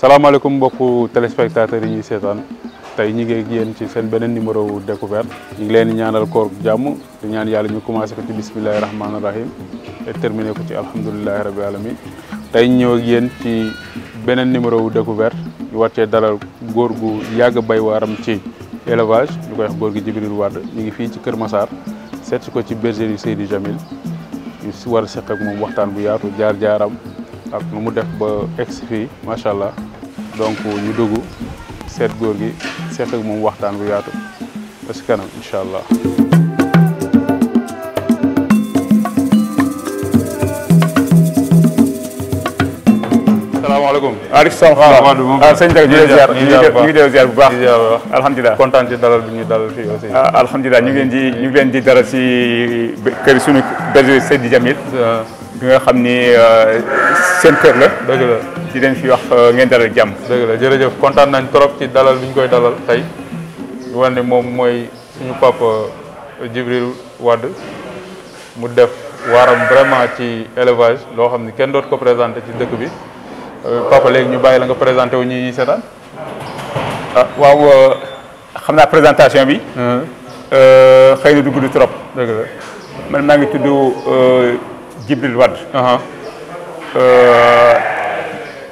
salaamaaleykum mbokku téléspectateurs yi ñuy seetaan tey ñi ngi ak yéen ci seen beneen numéro wu découverte ñu ngi leen ñaanal koor jàmm ñaan yàlla ñu commencé ko ci bismillahi rahmaani rahim et terminé ko ci alhamdulilahi rabi alamin tey ñëw ak yéen ci beneen numéro wu découverte ñu war cee dalal góor gu yàgg bay waaram ci élevage ñu koy wax góor gi Djibril Wade ñu ngi fii ci Kër Massar seeti ko ci bergerie Seydi Jamil ñu si war seq ak moom waxtaan bu yaatu jaar jaaram ak nu mu def ba egg si fii macha allah donc ñu dugg seet góor gi seet ak moom waxtaan bu yaatu ba si kanam incha allah. salaamaaleykum. waaleykum salaam waaw sëñ Ndiaye ñu ngi ziar ñu bu baax. alhamdulilah kontaan ci dalal bi ñu dalal fii aussi. Ah, alhamdulilah ñu ngi leen di ñu ngi di dara si kër suñu bergerie Seydi Djamil. bi nga xam ni euh, seen kër la. dëgg la. di leen fi wax euh, ngeen dalal jàmm. dëgg la jërëjëf kontaan nañu trop ci dalal bi ñu koy dalal tey ñu wax moom mooy suñu papa euh, Djibril Wade mu def waaram vraiment ci élevage loo xam ne kenn doot ko présenté ci dëkk bi euh, papa léegi ñu bàyyi la nga présenté wu ñuy seetaan. ah waaw xam naa présentation bi. xëy na du gudd trop. dëgg la man maa ngi tudd Djibril Wade.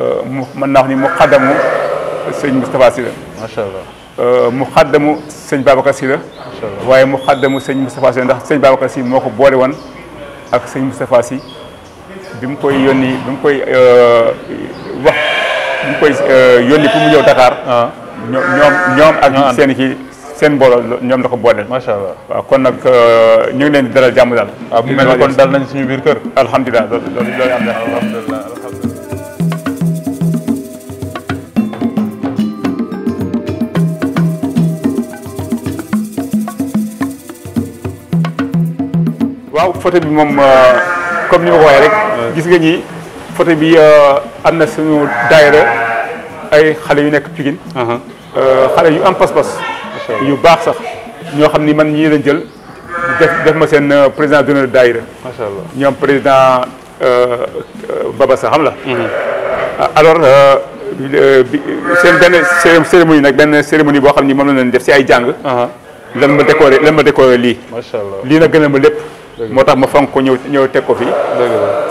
Euh, mu mën naa ni mu xaddamu sëñ Moustapha Sy la. macha allah euh, mu xaddamu sëñ Babacar Sy la. waaye mu xaddamu sëñ Moustapha Sy ndax sëñ Babacar Sy moo ko boole woon ak sëñ Moustapha Sy bi mu koy yónni bi mu koy euh, wax bi mu koy yónni pour mu ñëw Dakar. Ah. ñoom ñoom ak seen kii seen mbooloo ñoom na ko booleel. macha kon nag ñu ngi leen di dalal jàmm daal. waaw ah, mu mel kon dal nañ suñu biir kër. alhamdulilah loolu loolu am waaw photo bi moom comme ni ma ko waxee rek gis nga ñi photo bi am na suñu daayira ay xale yu nekk Pikine xale yu am pas-pas yu baax sax ñoo xam ni man ñii lañ jël def def ma seen président d'honneur daayira macha allah ñoom président Baba sa xam la alors seen benn cérémonie nag benn cérémonie boo xam ni moom la leen def si ay jàng lan ma décoré lan ma décoré lii macha allah lii nag gënal ma lépp moo tax ma fonk ko ñëw teg ko fi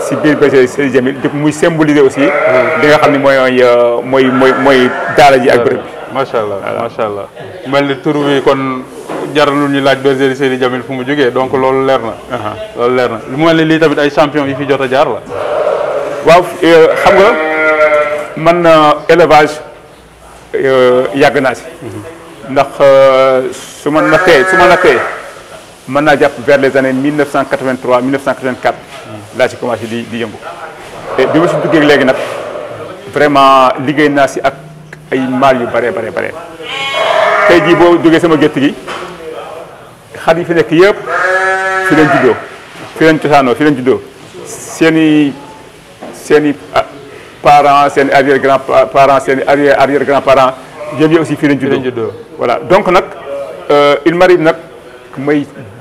si biir bés seen jamil muy symboliser aussi li nga xam ne mooy euh, mooy mooy mooy daara ji ak bërëb bi macha allah macha allah mel ni tur bi kon jaralul ñu laaj bergerie Seydi Djamil fu mu jógee donc loolu leer na uh-huh. loolu leer na mu mel ni lii tamit ay champion yi fi jot a jaar la waaw euh, xam nga man euh, élevage yàgg naa si mm-hmm. ndax su ma nattee su ma nattee mën naa jàpp vers les années 1983 1984 là ci commencé di di yëngu te bi ma si duggee léegi vraiment liggéey naa si ak ay maal yu bare bare bare tey jii boo duggee sama gétt gi xar yi fi nekk yëpp fi leen juddoo fi leen cosaanoo fi leen juddoo seen i ah, parents seen arrière grand parents seen arrière arrière grand parents jëm yi aussi fi leen juddoo voilà donc nag il euh, m'arrive nag may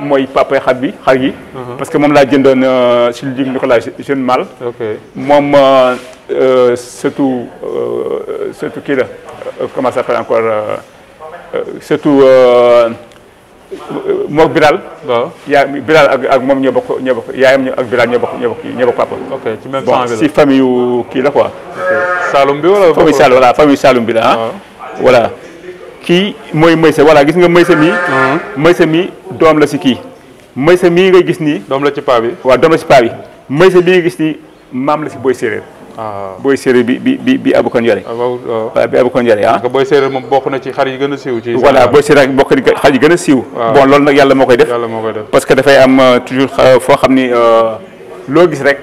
Moi, papa pas bi parce que moi euh, la comment s'appelle encore c'est euh, euh, tout. si famille qui là quoi. famille voilà. kii mooy Maysa voilà gis nga Maysa mii. Maysa hmm. mii doom la si kii. Maysa mii ngay gis nii. doom la ci paa bi waaw doom la ci paa bi. gis nii maam la si booy séeréer. waaw ah. booy séeréer bi bi bi bi Abou Kane yore. Ah, waaw bi Abou Kane yore ah. booy séeréer moom bokk na ci xar yi gën a siiw. ci voilà booy séeréer bokk na yi gën a siiw. Ah. bon loolu nag yàlla moo koy def. yàlla moo koy def parce que dafay am euh, toujours euh, foo xam ni euh, loo gis rek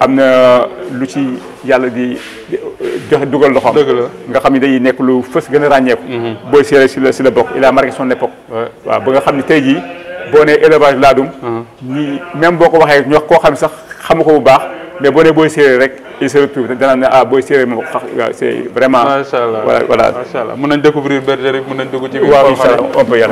am na lu ci yàlla di. joxe dugal loxoom nga xam ne day nekk lu fës gën a ràññeeku mhm. booy séeréer si la si la bokk il a marqué son époque waa ba nga xam ne tey jii boo nee élevage laadum ñi mhm. même boo ko waxee ñu wax koo xam sax xamu ko bu baax mais boo nee booy séeréer rek il se retrouve dana ne ah booy séeréer moom c'est vraiment macha allah voilà macha allah mën ci biir waaw incha allah on peut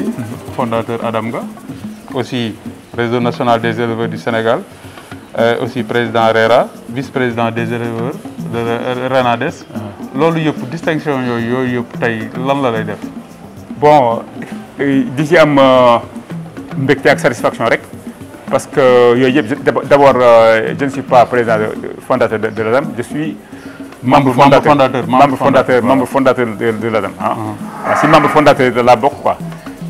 fondateur fondateur Adamga, aussi réseau national des éleveurs du Sénégal, euh, aussi président RERA, vice-président des éleveurs de RENADES. loolu pour distinction yo yo yo lan la lay bon 10e euh, satisfaction avec parce que euh, d'abord je ne suis pas président fondateur de la l'ADAM je suis. membre fondateur membre fondateur membre fondateur de l'ADAM hein. ah, si membre fondateur de la boc quoi.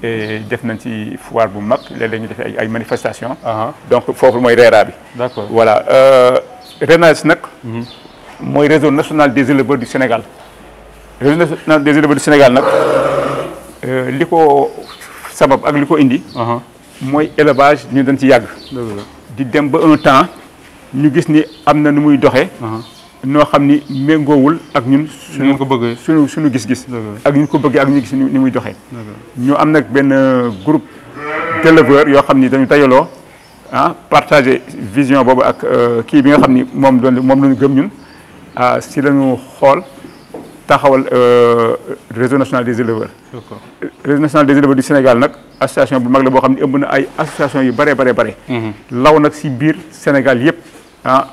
def nañ ci foire bu map léeg-léeg ñu defee ay manifestation donc foofu mooy rera bi d'accord voilà euh RENAS nag mhm. mooy réseau national des éleveurs du Sénégal réseau national des éleveurs du Sénégal nak euh liko sabab ak li ko indi mooy élevage ñu dañ ci yag di dem ba un temps ñu gis ni amna na nu muy doxee noo xam ni méngoowul ak ñun. suñu ko bëggee suñu suñu gis-gis. ak ñu ko bëggee ak ñu gis ni muy doxee. ñu am nag benn euh, groupe d'éleveurs yoo xam ni dañu dajaloo ah partager vision boobu ak euh, kii bi nga xam ni moom doon moom la ñu gëm ñun ah si la ñu xool taxawal euh, réseau national des éleveurs. réseau national des éleveurs du Sénégal n'ak association bu mag la boo xam ni ëmb na ay association yu bare bare bare. Mm-hmm. law nag si biir Sénégal yëpp ah.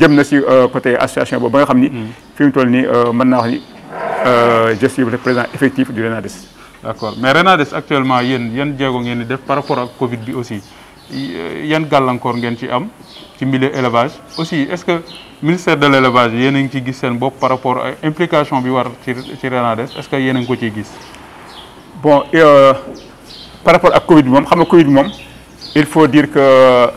jëm na si euh, côté association boobu ba nga xamni ni. Mm. fi mu toll nii euh, mën na wax ni euh, je suis le président effectif du Renades. d'accord mais Renades actuellement yéen yan jéego ngeen def par rapport au Covid bi aussi yan gàllankoor ngeen ci am ci milieu élevage aussi est-ce que ministère de l'élevage yéen a ngi ci gis sen bopp par rapport à implication bi war ci ci Renades est-ce que yéen a ngi ko ci gis. bon par rapport à Covid mom moom xam nga Covid mom il faut dire que.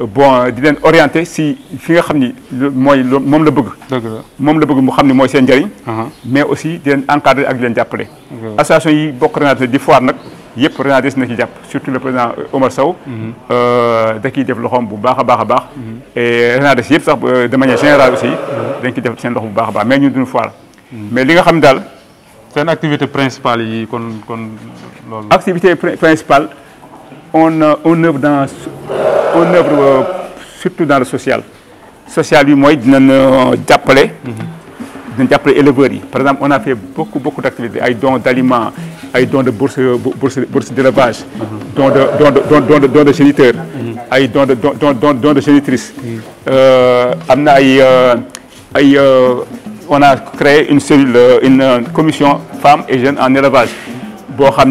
bon euh, di leen orienté si fi nga le moi le membre la bëgg. moom la bëgg mu xam mais aussi di leen encadré ak di leen jàppale. association yi bokk de di foire nag yëpp Renardès na ci jàpp surtout le président Omar Sow. Mhm. Euh, da ciy def loxoom bu baax a baax mhm. et Renardès yëpp euh, de manière générale aussi. Mhm. dañ ciy def seen loxo bu baax baax mais ñun duñu fois mais li nga xam daal. seen activité principale yi kon kon activité principale on, euh, on œuvre dans on œuvre euh, surtout dans le social social bi moi, dinañ euh, jàppale dinañ jàppale éleveurs par exemple on a fait beaucoup beaucoup d'activités ay dons d'aliments ay dons de bourse bourse bourse d'élevage dons de don de don de don de géniteur ay dons de don don de génitrice am na ay ay on a créé une cellule une commission femmes et jeunes en élevage boo xam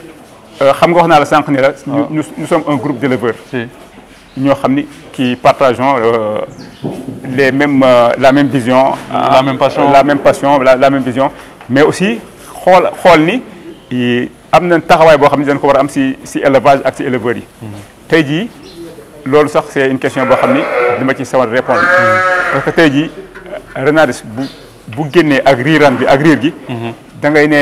Euh, xam nga wax naa la sànq ni la. Ah. nous sommes un groupe d'éleveurs. ñoo xam ni qui partageons euh, les mêmes euh, la même vision. la même passion la même passion la même vision. mais aussi xool xool ni am na taxawaay boo xam ne dañ ko war a am si si élevage ak si éleveurs yi. Hmm. tey jii loolu sax c'est une question boo xam ni dama ci sawar répondre hmm. parce que tey jii renardis bu bu génnee ak riiran bi ak riir gi. Hmm. da ngay ne.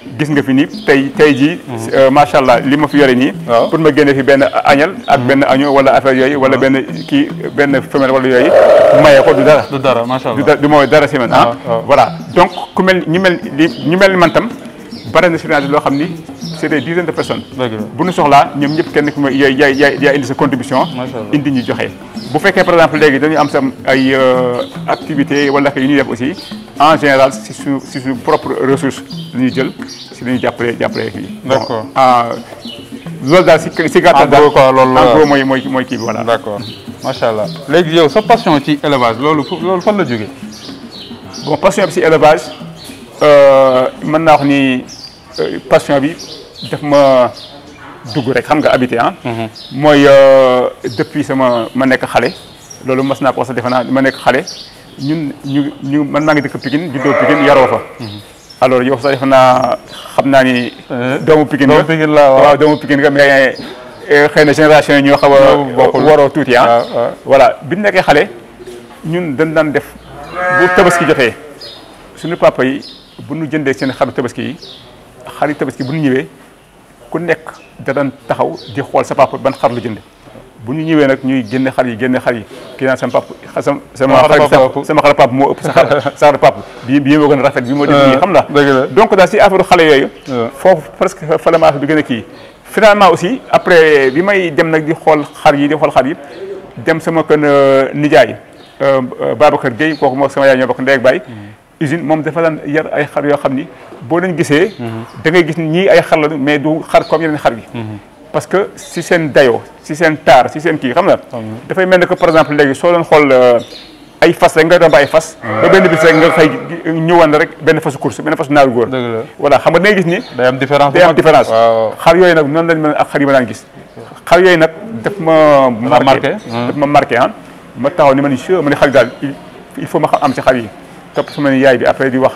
gis nga fi ni tay tey jii euh, macha li ma fi yore nii pour ma génne fi ben añal ak mm. ben año wala affaire yoy wala ben ki ben femelle wala yoy maye ko du dara du dara machallah du moy dara si man ah, ah, ah. voilà donc ku mel ñu mel ñu mel man tam bare na surnaage loo xam ni c'est des dizaines de personnes bu ñu soxla ñoom ñep kenn ku ma yoy yaay yaay indi sa contribution indi ñu joxé bu fekkee par exemple léegi dañu am sam ay euh, activité wala que yu ñuy def aussi en général si suñu si suñu propre ressource la ñuy jël si la ñuy jàppale jàppale d'accord ah daal si ci gata daal en gros quoi loolu en gros mooy mooy mooy kii voilà. d'accord machallah allah yow sa passion ci élevage loolu loolu fan la jógee. bon passion ci élevage euh man na wax ni euh, passion bi def ma dugg rek xam nga habité ah. Mhm. mooy euh, depuis sama ma nekk xale. loolu mas naa ko wax sax ma nekk xale ñun ñu ñu man maa ngi dëkk Pikine juddoo Pikine yaroo fa. Mhm. alors yow sa def naa xam naa ni. Euh, doomu Pikine nga doomu Pikine la waaw doomu Pikine nga mais eh, xëy na génération yi ñuy xaw a. bokkul waroo tuuti ah. voilà bi ñu nekkee xale ñun dañ daan def bu tabaski jotee suñu papa yi bu ñu jëndee seen xaru tabaski yi xari tabaski bu ñu ñëwee ku nekk da daan taxaw di xool sa papa ban xar lu jënd. buñu ñëwé nak ñuy génne xar yi génne xar yi ki na sama pap sama sama xar pap mo ëpp sa xar sa xar pap bi bi mo gëna rafet bi mo def nii xam la donc da ci affaire xale yoyu fofu presque fa la ma bi gëna ki finalement aussi après bi may dem nak di xol xar yi di xol xar yi dem sama kën nijaay babakar Gueye koku mo sama yaay ñoo bok ndey ak baay usine mom dafa lan yar ay xar yo xamni bo boo leen gisee da ngay gis ni ay xar la mais du xar comme yeneen xar bi parce que si seen dayoo si seen taar si seen kii xam nga. dafay mel ne que par exemple léegi soo doon xool euh, ay fas rek ngay doon ba ay fas. ba benn bis rek nga xëy ñëwaan rek benn fasu course benn fasu naaru góor. voilà xam nga day gis ni. day am différence day am différence. xar yooyu nag noonu lañ mel ak xar yi ma daan gis. xar yooyu nag daf ma. marqué daf ma marqué ah. ma taxaw ni ma ni ma ni xar daal il faut ma xam am ci xar yi topp su ma yaay bi après di wax.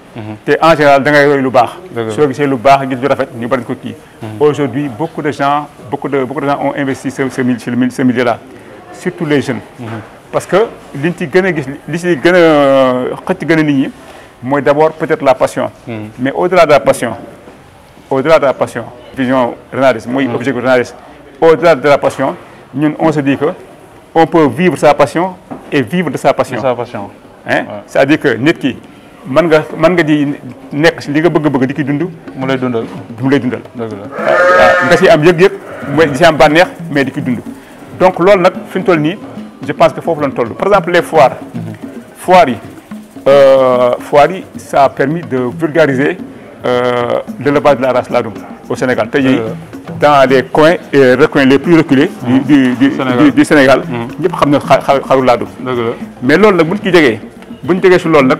Mhm. Et en général da ngay roy lu baax soo gisee lu baax gis lu rafet ñu ko mhm. aujourd'hui beaucoup de gens beaucoup de beaucoup de gens ont investi ce ce ce milieu là surtout les jeunes mhm. parce que liñ ci gën a gis li ci gën nit ñi d'abord peut-être la passion mais au-delà de la passion au-delà de la passion vision renardiste moi, objectif renardiste au-delà de la passion ñun on se dit que on peut vivre sa passion et vivre de sa passion hein c'est-à-dire que nit ki man nga mën nga di nekk si li nga bëgg bëgg di ki dund. mu lay dundal mu lay dundal. nga ci am yëg-yëg. moy ci am banex mais di ki dund. donc lool nak fi toll ni je pense que fofu lañ toll par exemple les foires. Mhm. foires yi euh foires yi ça a permis de vulgariser euh, l'élevage de la race ladoum au Sénégal tay yi euh. dans les coins et recoins les plus reculés. du mhm. du du du Sénégal. Mhm. ñëpp xam ne xaru ladoum. mais lool nak buñ ci jegee buñ ñu jegee lool nak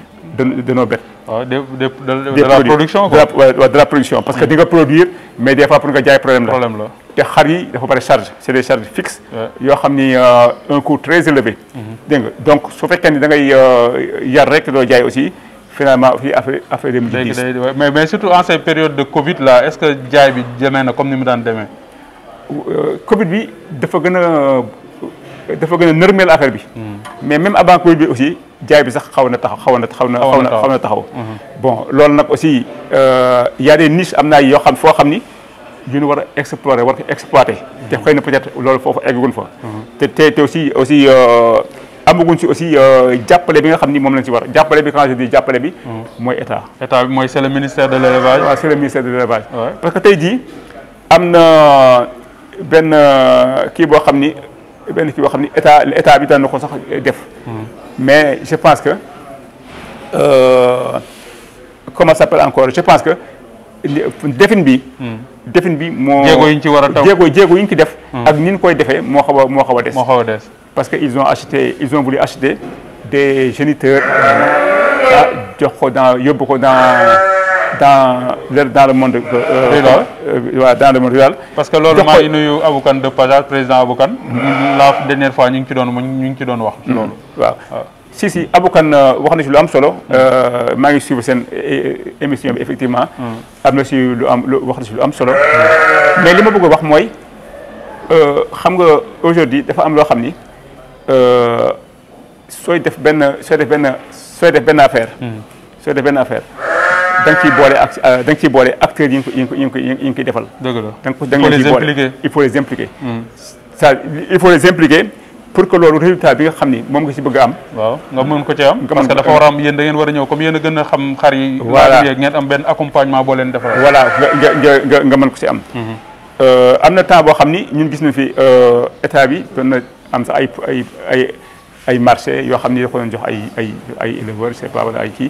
de, de nos bêtes. Ah, de, de, de la production quoi de la production parce que mm. di nga produire mais des fois pour nga jaay problème la. problème la te xar yi dafa bari charge c' des charges fixes. yoo xam ni euh, un coût très élevé. Mm-hmm. dégg nga donc su que ni da ngay euh, yar rek doo jaay aussi. finalement fii affaire affaire yi mujj mais mais surtout en ces périodes de Covid là est ce que jaay bi demain comme nous mu daan demee. Euh, Covid bi dafa gën a dafa gën a nërmeel affaire bi. Mm. mais même avant Covid aussi jaay bi sax xawna na taxaw xaw na xaw taxaw mhm. bon loolu nak aussi euh, y a des niches amna yo xam fo xamni ni ñu nu explorer wara exploiter te mhm. xëy na peut-être loolu foofu egguñ fa mhm. te te aussi aussi euh amaguñ ci aussi euh, jàppale bi nga xamni mom lañ ci war jàppale bi quand je dis jàppale bi moy état état bi moy c'est le ministère de l'élevage waaw c'est le ministère de l'élevage parce que tay di amna euh, ben ki bo xamni ben ki bo xamni état l'état bi tan ko sax def mais je pense que. Euh, comment s'appelle encore Je pense que. defin bi. Hmm. defin bi moo. jéego yi ñu ci war taw jéego jéego yi ci def. Hmm. ak ni koy defee mo xawa mo xawa dess parce que ils ont acheté ils ont voulu acheter des géniteurs. Hmm. Ah, jox ko dans yob ko dans dans dans le monde. euh, euh, dans le monde rural. parce que lolo ma ngi nuyu Aboukan de passage président Aboukan. la dernière fois ñu ngi ci doon ñu ngi ci doon wax. lolo mm-hmm. waaw. si si Aboukan euh, wax na si lu am solo. Mm-hmm. euh ma ngi suivre sen émission effectivement. Mm-hmm. am na ci lu am wax na si lu am solo. mais lima bëgg wax moy euh xam nga aujourd'hui dafa am lo xamni euh soy def ben sooy def ben sooy def benn affaire. sooy def ben affaire da nga ciy ak euh, da nga ciy acteurs yi nga ko yi defal. dëgg la ko da il faut les impliquer. Hmm. ça il faut les impliquer pour que loolu résultat bi nga xamni mom moom nga si bëgg am. waaw nga mën ko ci am. parce que dafa war a am yéen da ngeen wara ñëw comme yeen a gën a xam xar yi. voilà ngeen am ben accompagnement bo leen defal. voilà nga nga nga mën ko ci am. Hmm. euh amna temps bo xamni ñun gis nañu fi euh état bi doon am sa ay ay ay marché yo xamni ni da ko ñu jox ay ay ay éleveurs c'est pas wala ay ki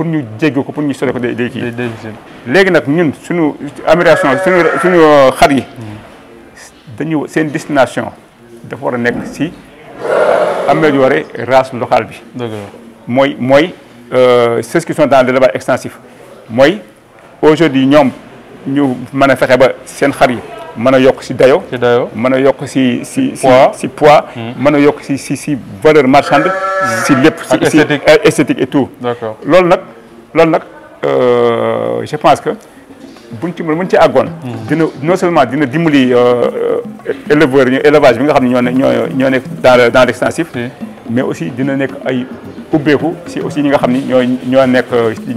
pour ñu jéggi ko pour ñu sori ko day day kii léegi nag ñun suñu amélioration suñu suñu xar yi dañu seen destination dafa war a nekk si améliorer race locale bi euh, c'est ce qui sont dans le l'élevage extensif mooy aujourd'hui ñoom ñu mën a fexe ba seen xar yi mën a yokk si dayo mën a yokk si ci si ci poids hmm. mën a yokk ci ci valeur marchande ci lépp ci esthétique esthétique et tout d'accord nak nag nak euh je pense que buñ ci buñ ci agone hmm. dina non seulement dina dimbali euh, euh, éleveur élevage bi nga xamni ne ñoo ne ñoo ñoo nekk dans dans l'extensif mais aussi dina nek ay ubbeeku ci aussi ñi nga xamni ni ñoo ñoo nekk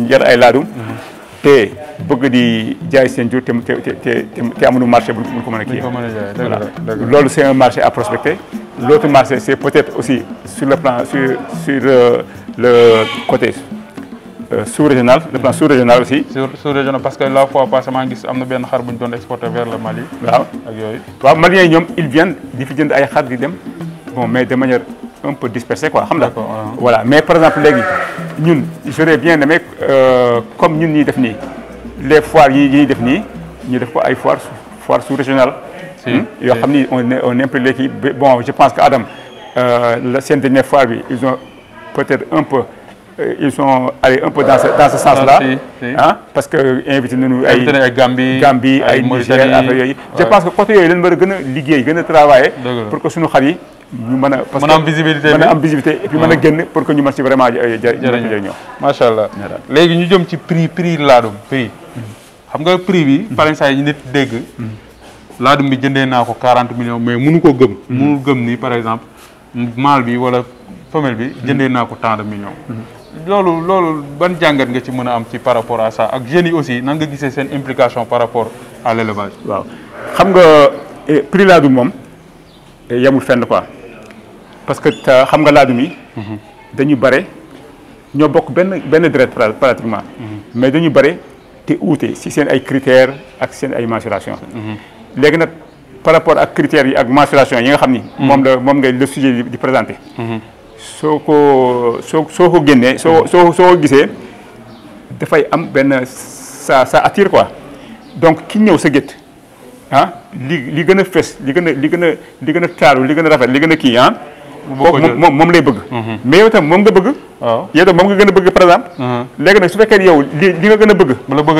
yar euh, ay ladum hmm te bëgg di jaay seen jur te te te te marché bu ko un marché à prospecter. L'autre marché c'est peut être aussi sur le plan sur sur euh, le côté euh, sous-régional. le plan sous-régional aussi. sous-régional parce que la fois passée maa ngi a am na benn xar doon vers le Mali. waaw ak yooyu. Maliens ils viennent di fi jënd ay xar di dem bon mais de manière un peu dispersée quoi voilà mais par exemple les ñun j'aurais bien aimé euh, comme ñun ñi def ni les foires yi ñi def ni ñu def ko ay foires foires sous régionales hmm? yoo xam ni on on implique kii bon je pense que Adam euh, la seen dernière foire bi ils ont peut-être un peu euh, ils sont allés un peu dans ce dans ce sens-là hein parce que invité nous ay Gambie Gambie ay Niger affaire yooyu je pense que côté yooyu leen war gëna liguer a liggéey travailler pour que suñu xar ñu mën a parce que mën a am visibilité mën a am ah. génn pour que ñu mën si vraiment jëriñoo macha allah léegi ñu jëm ci prix prix laadum prix xam nga prix bi mm-hmm. parrainage yi nit dégg mm-hmm. laadum bi jëndee naa ko 40 millions mais munu ko gëm mënul mm-hmm. gëm nii par exemple maal bi wala femelle bi jëndee naa ko tant de millions loolu loolu ban jàngat nga ci mën a am ci par rapport à ça ak jeunes yi aussi nan nga gisee seen implication par rapport à l' waaw xam nga eh, prix laadum moom yemul fenn quoi parce que xam nga laadum yi dañu bare ño bokk ben ben deret pratiquement mais dañu bare té outé si sen ay critères ak sen ay mensuration légui nak par rapport ak critères yi ak maturation yi nga xamni mom moom la moom nga le sujet di présenter soo ko soko soo so so so soo soo fay am ben ça ça attire quoi donc ki ñëw sa gétt ah li li gën a fes li gën a li gën a li gën a taaru li gën a rafet li gën a kii ah kooku moom moom lay bëgg mhm. mais yow tam moom nga bëgg waaw yow tam moom nga a bëgg par exemple mhm. léegi nag su fekkee yow li nga gën a bëgg moom la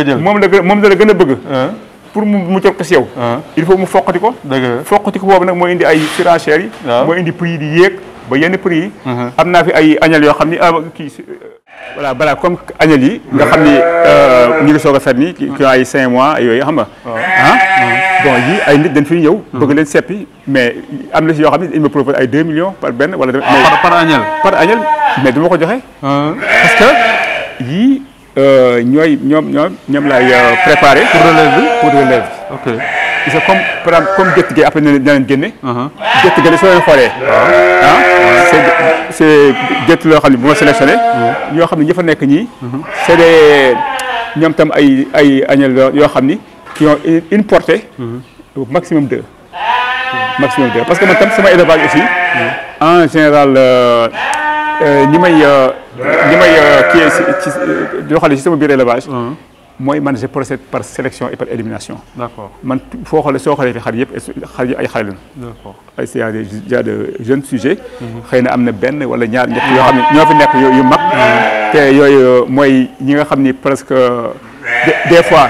gën a bëgg mhm. pour mu jot ko si yow il faut mu foqati ko foqati ko boobu nag moo indi ay financières yi moo indi prix yi di yéeg ba yenn prix yi am naa fi ay añal yoo xam ni ah, kii euh, comme añal yi nga xam ni euh, ñu ngi soog a fet ni ki ay cinq mois yooyu xam nga bon yi ay nit dañ fiy ñëw. bëgg leen seppi mais am na si yoo il me propose ay 2 millions par ben wala. Ah, par par añel par añel mais du ko joxé ah, parce que yii euh, ñoy ñom ñom ñam lay euh, préparé. pour relève pour relève ok C'est comme comme gétt après na leen génne. Ah, gétt gi soo leen xoolee. ah C'est est c' est bu ma sélectionné. Mm. ñoo xam ne ñi fa nekk ñii. Mm-hmm. c' des ñom tam ay ay añel yo xamni qui ont une portée mhm. au maximum deux. parce que maintenant suis suis élevage mhm. en général euh, je procède par sélection et par élimination. d'accord je d'accord y a des jeunes sujets. Je mhm. suis benn wala presque euh, des fois.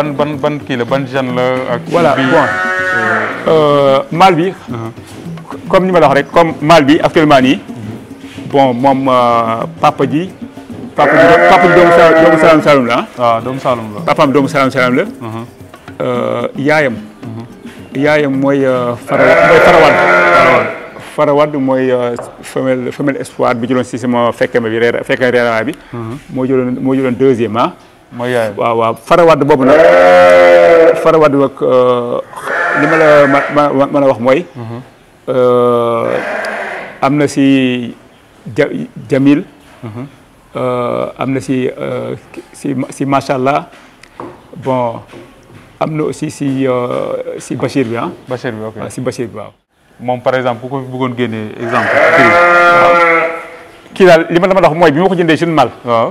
ban ban ban ban jeune voilà bon euh, comme ni ma comme Malbi, actuellement ni bon euh, papa dit papa papa papa Salam Salam. papa ah. papa papa farawad farawad. femelle femelle espoir bi dit, papa dit, deuxième ah. mooy yaayam waaw waaw farawaat boobu nag farawaat bi ak euh, li ma la ma wax mooy. Mhm. Euh, am na si ja Jamil. Mhm. Euh, am na si si si macha allah bon am na aussi si si Bachir bi ah. ah. si Bachir bi waaw. moom par exemple ku ko bëggoon génne exemple. kii daal li ma la mën a wax mooy bi ma ko jëndee suñu mal. waaw.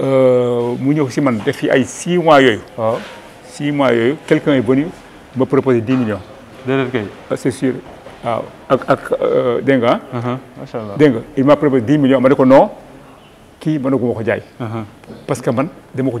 Euh, mu ñëw si mois quelqu'un est venu me proposer 10 millions. Ah, c'est sûr euh, uh-huh. il m'a proposé 10 millions ma ne ko non qui m'a uh-huh. parce que man ne pour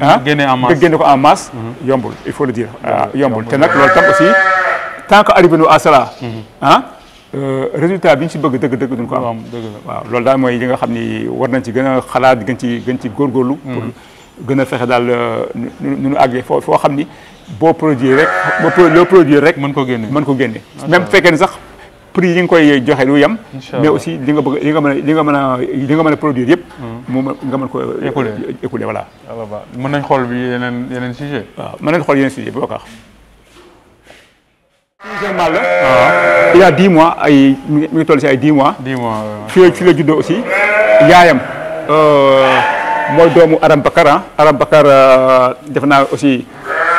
ah nga génne ko en masse mhm. yombul il faut le dire ah, yombul te nag loolu tam aussi tant que arrivé nu à cela mhm. ah euh, résultat bi ñu si bëgg dëgg dëgg duñ ko am waaw loolu daal mooy li nga xam ni war nañ ci gën a xalaat gën ci gën ci góorgóorlu mhm. gën a fexe daal euh, nu nu fo foo xam ni boo produit rek boo loo produit rek mën ko génne mën ko génne même prix yi nga koy joxe du yem. mais aussi li nga bëgg li nga mën a li nga mën a li nga mën a produire yëpp. moom nga mën ko écouler écouler voilà. Ah mën nañ xool bi yeneen yeneen sujet waaw mën nañ xool yeneen sujet boo ko wax. waaw a 10 mois ay mi ngi toll si ay 10 mois. 10 mois fii fii la juddoo aussi yaayam. Euh, mooy doomu Aram Bakar ah Aram Bakar euh, def naa aussi.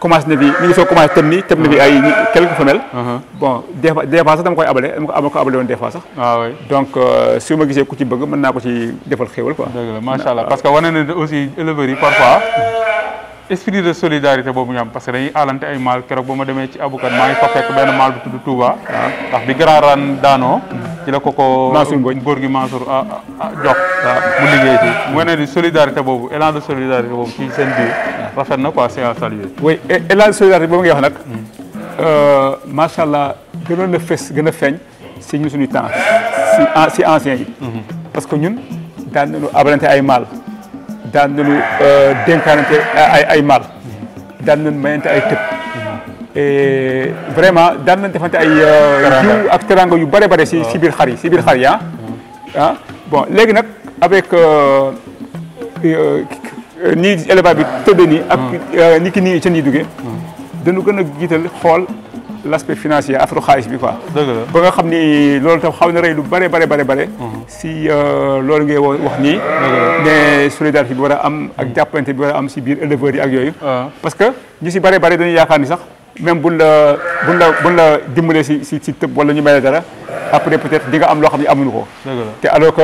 commencé na bi mi ngi soo commencé tëm ni tëm na bi ay quelques femelles uh-huh. bon sax dama koy abale dama ko ama ko abale woon des fois sax waaw ah donc euh, su ma gisee ku ci bëgg mën naa ko ci defal xéewal quoi dëgg la macha allah parce que wane na aussi éleveurs parfois esprit de solidarité boobu ñu am parce que dañuy alante ay maal keroog ba ma demee ci abukat maa ngi benn maal bu tudd bi grand ran daanoo. ci la ko ko Mansour Mbodj góor gi Mansour ah, ah, ah, jox. mu liggéey ci mu ne ni solidarité boobu élan de solidarité boobu ci seen biir. rafet na quoi c'est à saluer. oui élan de solidarité boobu nga wax nag. Euh, macha allah gënoon na fës gën a feeñ si ñun suñu temps si ancien yi. Mm-hmm. parce que ñun daan nañu abalante ay maal. Dan nañu dénkaante ay ay mal daan nañ mayante ay tëb vraiment daan nañ defante ay jiw ak teranga yu bare bare si oh. si biir xar yi si biir xar yi ah. ah bon léegi nag avec ni élevage bi tëddee ni ca nii duggee dañu gën a jiital l'aspect financier afro khalis bi quoi deug la ba nga xamni lolou tam xawna reuy lu bare bare bare bare mhm. si euh, lolou ngey wax ni mais solidarité bi wara am ak mhm. jappante bi wara am si bir éleveur yi ak yoyu ah. parce que ñu si bare bare dañu yaakaani sax même buñ la buñ la buñ la dimbalé si si ci teub wala ñu may dara après peut-être di nga am lo xamni amuñu ko deug té alors que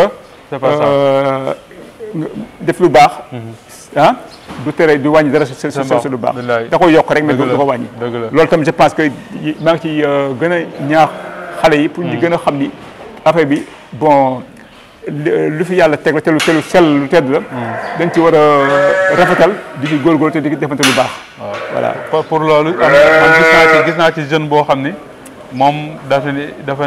c'est euh, def lu baax mhm. ah du tere du wàññi dara sa sa lu baax da koy yokk rek mais du ko wàññi loolu tam je pense que maa nga ci euh, gën ñaax xale yi pour ñu hmm. gën a xam ni affaire bi bon lu fi yàlla teg la te sel te lu sell tedd la hmm. dañ ci war a euh, rafetal di ci góorgóorlu te di ci defante lu baax voilà pour loolu am gis naa ci gis naa ci jeune boo xam ni moom dafa ni dafa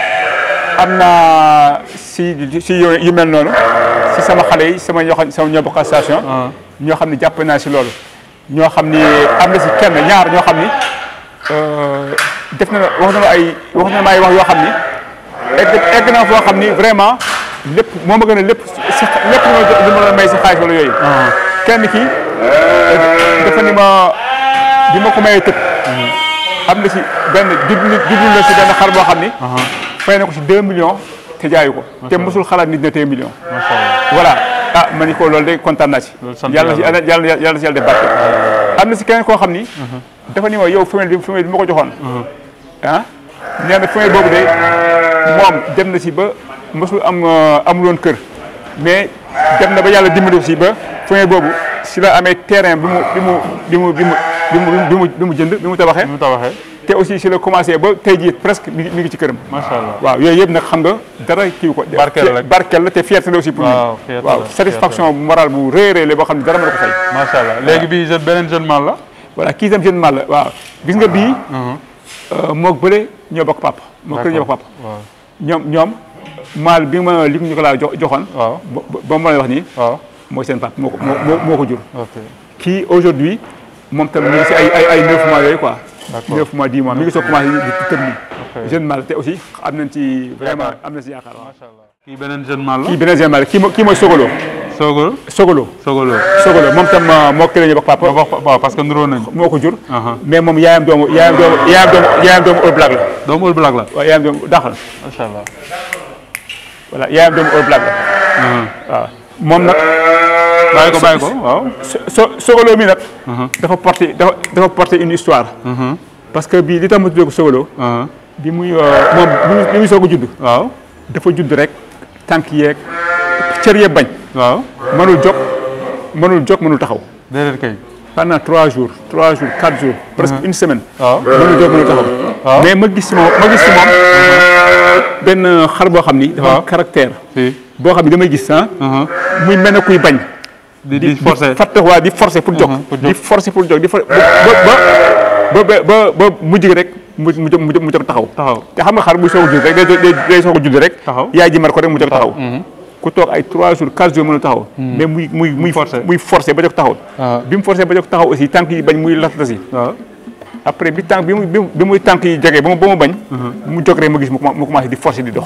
am naa si si yu mel noonu si sama xale yi sama ñoo xam sama ñoo station ah. ñoo xam ne jàpp naa si loolu ñoo xam ni am na si kenn ñaar ñoo xam ni euh, def na wax na ma ay wax yoo xam ni egg egg naa foo xam ni vraiment lépp moo ma gën a lépp si lépp ma la may si xaalis wala yooyu ah. kenn kii dafa ni ma bi ma ko mayee tëb mm. am na si benn jublu jublu la si benn xar boo xam ni ah. fay na ko ci 2 millions te jaayu ko. te mosul xalaat nit na tey millions. voilà ah ma ni ko loolu de kontaan naa si yàlla ci yàlla si yàlla ci yàlla de barke. am na ci keneen koo xam ni. Mhm. dafa ni ma yow femelle bi femelle bi ma ko joxoon. Mhm. ah nee na femelle boobu de moom dem na si ba mosul am euh, amuloon kër. mais dem na ba yàlla dimbali si ba femelle boobu si la amee terrain bi mu bi mu bi mu bi mu bi mu bi mu jënd bi mu tabaxee. te aussi si le commencé ba tey jii presque mi ngi mi ci këram. machallah waaw yooyu yëpp nag xam nga dara ki ko. barkel la barkeel la té fierté la aussi. pour ñu waaw satisfaction morale bu réré le boo xam dara ma ko fay. machallah légui bi bii jeune beneen jeune mal la. voilà ki itam jeune mal la waaw. gis nga bi ah, uh-huh. euh mok bële ñoo bok papa. moog ko ñoo bok papa. ñom ñom mal bi ma li ñu ko la joxone ba ba lay wax ni waaw mooy seen papa moko ko moo ko jur. kii aujourd'hui moom tam mi ngi si ay ay ay neuf mois yooyu quoi. neuf mois dix mois mi ngi soo commencé di tëb nii. jeune mâle te aussi am nañ ci vraiment am na si yaakaar waaw. kii beneen jeune mâle la kii beneen jeune mâle kii mooy kii mooy Sogolo. Sogolo Sogolo. Sogolo Sogolo moom tam euh, moo kële ñu bokk papa. moo bokk papa parce que niróo nañu. moo ko jur. mais moom yaayam doomu yaayam doomu yaayam doomu yaayam doomu All Black la. doomu All Black la waaw yaayam doomu daaxal. macha allah. voilà yaayam doomu All Black la. waaw moom nag. bàyyi so Sogoloo mi nag. Uh-huh. dafa porté dafa dafa une histoire. Uh-huh. parce que bii li tax ma tuddee ko Sogoloo. Uh-huh. bi muy euh, moom bi muy soog a judd. dafa judd rek tànk yeeg cër yeeg bañ. waaw mënul jóg mënul taxaw. déedéet kay. trois jours trois jours quatre jours. presque une semaine. waaw mais ma gis moom benn xar boo xam ni. dafa am caractère. boo xam ni damay gis ah. muy mel kuy bañ. di di forcer fattaxuwaay di forcer mm-hmm, pour jóg. di forcer pour jóg di forcer ba ba ba ba mujj rek mu mu mu jóg taxaw. taxaw te xam nga xar bu soog a judd rek day rek. taxaw yaay ji mar ko rek mu jóg taxaw. Mm-hmm. ku toog ay trois jours quatre jours mën taxaw. Mm-hmm. mais muy muy muy muy forcé ba jóg taxaw. Ah. bi mu forcé ba jóg taxaw aussi tànk yi bañ muy latasi. Ah. après bi tànk bi muy bi muy tànk yi jege ba mu ba mu bañ. mu jóg rek ma gis mu commencé di forcé di dox.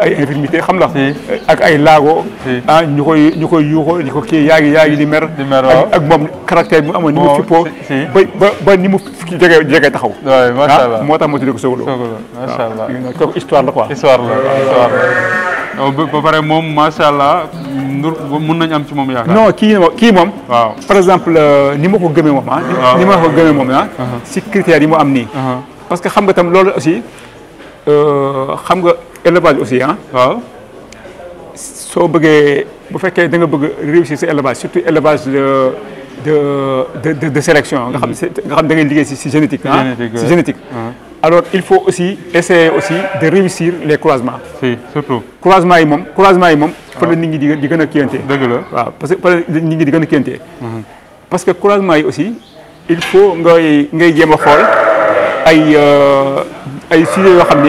ay infirmité xam la ak ay laago ah ñu koy ñu koy yuuxoo di ko kii yaa ngi yaa ngi di mer ak moom caractère bi mu amoon ni mu fippoo ba ba ba ni mu jege jege taxaw ah moo tax ma tuddee ko Soglo macha ah, allah kooku histoire la quoi histoire la histoire la oh, ba pare moom macha allah ndur mun nañ am ci moom yaakaar non kii moom kii moom waaw par exemple euh, ni ma ko gëmee moom ah ni ma ko gëmee moom ah uh-huh. si critères yi mu am nii uh-huh. parce que xam nga tam loolu aussi euh, xam nga élevage aussi hein, waaw So, bëggee bu fekkee da nga réussir cet élevage surtout élevage de de de de sélection. nga xam mm. nga xam da ngay si si génétique. Hein. si génétique alors il faut aussi essayer aussi de réussir les croisements. si surtout. croisement yi moom croisement yi moom. fa la nit ñi di gën a kiyantee. dëgg mm-hmm. la parce que nit ñi di parce que croisement yi aussi il faut ngay ngay jéem a xool ay euh, ay sujets yoo xam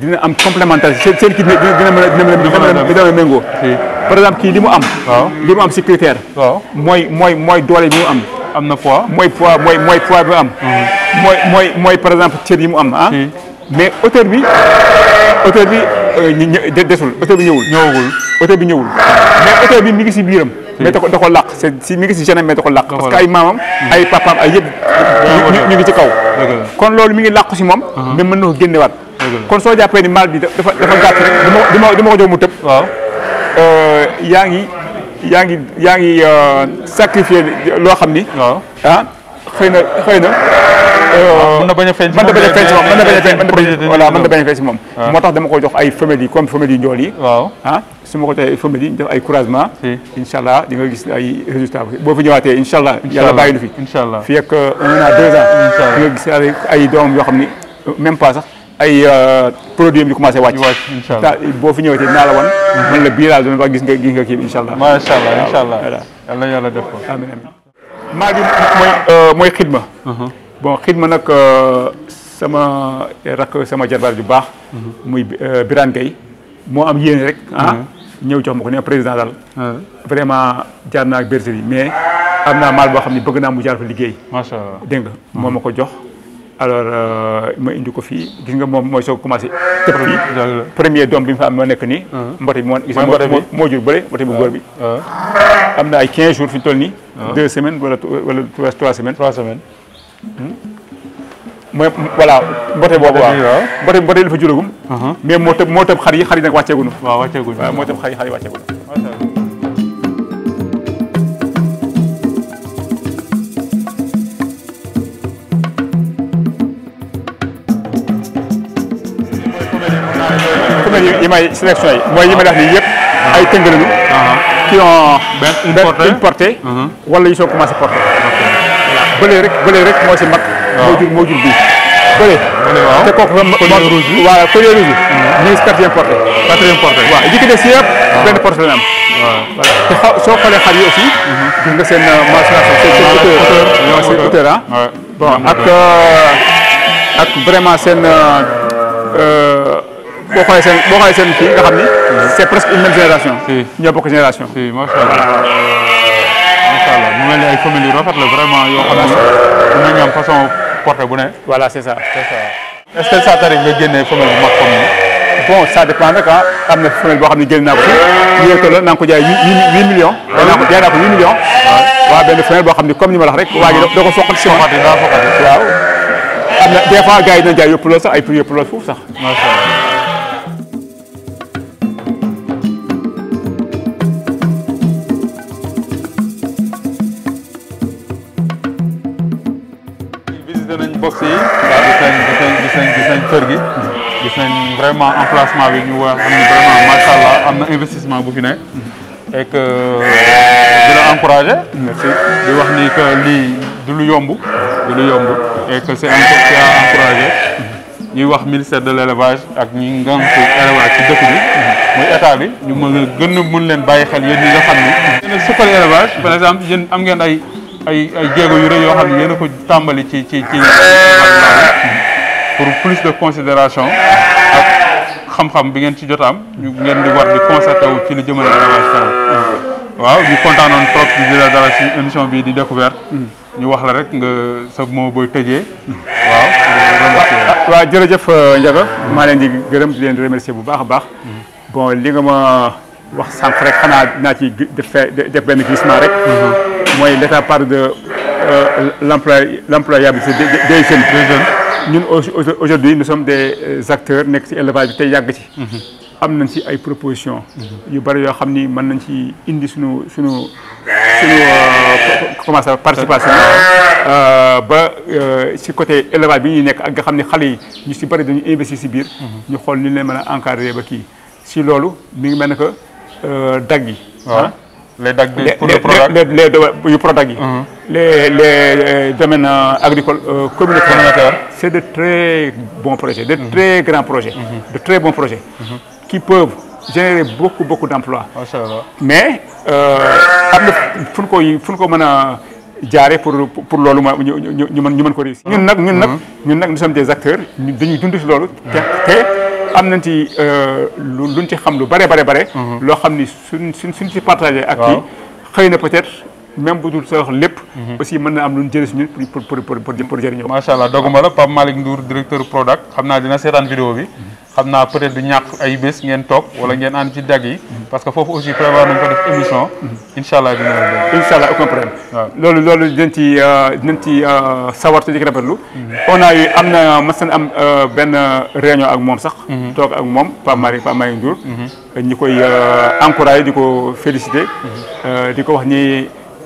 dina am complémentarité seen qui dina dina dina dina méngoo par exemple qui limu am limu am si critère mooy mooy mooy doole bi mu am amna na poids mooy poids mooy mooy poids am hmm. mooy mooy mooy par exemple cër yi mu am hein mais auteur bi auteur bi Euh, desul oto bi ñëwul. ñëwul bi ñëwul. mais oto bi mi ngi si biiram. mais da ko da ko làq si mi ngi si gendarme mais da ko làq. parce que ay maamam. Mm. ay papaam ay yëpp. ñu ngi ci kaw. kon loolu mi ngi làqu si moom. Uh-huh. mais mën na ko génnewaat. kon soo jàppee ni mal bi dafa dafa gàtt rek dama dama ko jox mu tëb. Euh, yaa ngi yaa ngi yaa ngi euh, sacrifier loo xam ni. waaw ah, xëy na xëy na. Euh, mën na bañ a feeñ ci moom mën na bañ a feeñ ci moom a ah. moo tax dama ko jox ay femelles yi comme femelles yi njool yi waaw ah su ma ay couragement incha allah gis ay résultats boo fi ñëwaatee incha allah yàlla bàyyi lu fi incha allah fii ak euh, un an deux ans di nga gis ay doom yoo xam ni euh, même pas sax ay produit yi di commencé wàcc. incha allah boo fi ñëwee te la wan. Mm-hmm. man la bii daal doon gis nga gis nga kii incha allah. macha allah incha allah yàlla yàlla def ko. amiin amiin maa ngi mooy xidma. Mm-hmm. bon xidma nag euh, sama rakk sama jarbaar ju baax. Mhm. muy euh, Birane Gueye moo am yéene rek. Ah, mhm. ñëw jox ma ko ne président daal. vraiment jaar naa ak bergerie mais am naa maal boo xam ne bëgg naa mu jaar fa liggéey. macha allah dégg nga mhm. moo ma ko jox. alors euh, ma indi ko fii gis nga moom mooy soo commencé. tëb fii premier doom bi mu fa am moo nekk nii. mbote bi moo gis moo jur bële mbote bu góor bi. am na ay 15 jours fi ñu toll nii. 2 semaines wala wala 3 semaines. Hmm? mooy voilà mbote boobu waaw mbote mbote yi dafa juragum. Uh-huh. mais moo tëb moo tëb xar yi xar yi nag wàcceeguñu. waaw wàcceeguñu waaw moo tëb xar yi xar yi wàcceeguñu. communes yi may sélection yi mooy yi may def nii yëpp. ay tënk lañu. Uh-huh. qui ont benn une portée uh-huh. wala yu soo commencé porté. bële rek bële rek moo si mag. moo jur moo jur bii. bële. te kooku moom collier rouge bi waaw collier rouge bi. ñu ngi si quatrième portée. quatrième portée waaw yi ki des yëpp. Ah. benn portée la am. waaw te xaw soo xoolee xar yi aussi. Mm-hmm. gis nga seen euh, maturation seen seen hauteur. ñoo seen hauteur bon euh, ak vraiment seen euh, boo xoolee seen boo xoolee seen kii nga xam ni. Mm-hmm. c'est presque une même génération. ñoo bokk génération. allah mu mel ni ay femelles yu rafet la vraiment yoo xam ne dinañ am façon portée bu ne. voilà c' ça c' ça. est ce que ça bu mag comme bon ça dépend rek ah am na femelle boo xam ne jël naa ko fi yéeto la naa ko jaay huit millions jaay naa ko jaay naa ko huit millions ah. waaw benn femelle boo xam comme ni ma la wax rek waa ji da ko soqal si waaw am na des fois gars jaay yëpp sax ay prix yëpp loolu foofu box yi waaw gis nañ gis nañ gi gis nañ vraiment emplacement bi ñu wax am na vraiment macha allah am na investissement bu fi nekk et que di la wax ni que lii lu yomb du lu yomb et que c'est ñuy wax ministère de l'élevage ak ñi ngànk élevage ci dëkk bi muy état bi ñu mën a mun leen bàyyi xel yéen ñi xam ni sukkal élevage par exemple am ngeen ay ay ay jéego yu rëy yoo xam ne ko tàmbali ci ci ci eh. pour plus de considération xam-xam bi ngeen ci jotam ñu ngeen di war di constaté wu ci li jëmale élevage kanam waaw ñu contanon trop di la dara ci émission bi di découverte ñu wax la rek nga sa mo boy tëjee waaw waaw jërëjëf Ndiaga ma leen di gërëm di leen remercier bu baax baax mm-hmm. bon li nga ma wax sànq rek xanaa na ci def benn glissement rek. Mhm. mooy l'état parle de euh, l'employabilité des jeunes. des jeunes ñun aujourd'hui nous sommes des euh, acteurs nek ci élevage bi tey yàgg ci. Mhm. am nañ ci ay propositions. Mhm. yu bari yo xamni ni nañ ci indi suñu suñu suñu euh, comment ça participation ba ci côté élevage bi ñuy nek ak nga xam ni ñu ci bari dañu investir ci biir. ñu xol ñu leen mën encadrer ba ki si lolu mi ngi mel ne que. Euh, dag hein? les dag pour les les les yu mhm. les les euh, domaines euh, agricoles communautaires. c' c'est de très bons projets de mhm. très grands projets. Mhm. de très bons projets. qui peuvent générer beaucoup beaucoup d'emplois. mais il faut qu'on fu pour pour loolu nous ñu ñu acteurs, ko nous sommes des acteurs dund am nañ ci euh, lu luñ ci xam lu bare bare bare mm-hmm. loo xam ni suñ suñ suñ ci partagé ak kii xëy na peut-être même bu dul sa wax lépp ba mhm. si mën na am lu jëriñ ñu pour pour pour pour pour pour jëriñ ñu ma sha allah doguma la pap malik ndour directeur product xam naa dina seetaan vidéo bi xam naa peut être du ñàkk ay bés ngeen toog wala ngeen ànd ci dag yi parce que foofu aussi prévoir nañ ko def émission mhm. incha allah dina la incha allah aucun problème loolu loolu dinañ ci euh, dinañ ci euh, sawar ci dikk rafetlu mhm. on a eu am na ma seen am euh, benn réunion ak moom sax toog ak moom pap malik pap malik ndour ñi koy encourager di ko féliciter di ko wax ni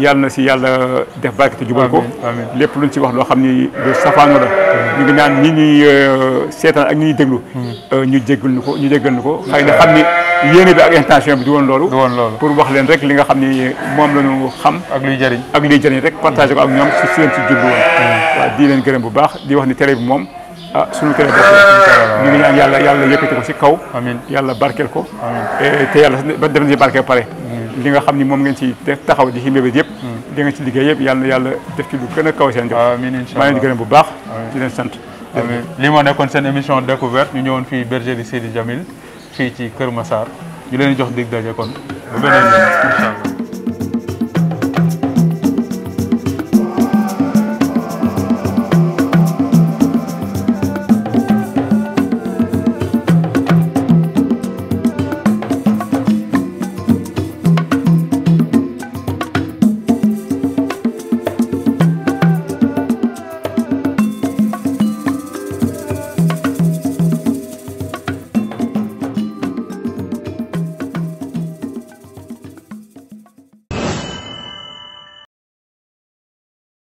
yàlla na si yàlla def barke te jubal ko lépp luñ si wax loo xam ni lu safaano la ñu ngi naan ñi ñuy euh, seetaan ak ñi ñuy déglu hmm. euh, ñu jéggal ñu ko ñu jéggal ko xëy na xam ni yéene bi ak intention bi du woon loolu pour wax leen rek li nga xam ni moom la ñu xam ak luy jariñ ak luy jëriñ rek partagé ko ak ñoom si si leen si jublu woon hmm. di leen gërëm bu baax di wax ni télé bi moom ah suñu télé bopp hmm. ñu ngi ñaan yàlla yàlla yëkkati ko si kaw yàlla barkeel ko te yàlla ba def na si barkeel pare li nga xam ni moom ngeen ci taxaw di ci mbébét yëpp hmm. li nga ci liggéey yëpp yàlla yàlla def ci lu gën a jox maa leen bu baax di leen sant li moo nekkoon seen émission découverte ñu ñëwoon fii bergerie Seydi Djamil fii ci Kër Massar ñu leen jox dig daje kon bu beneen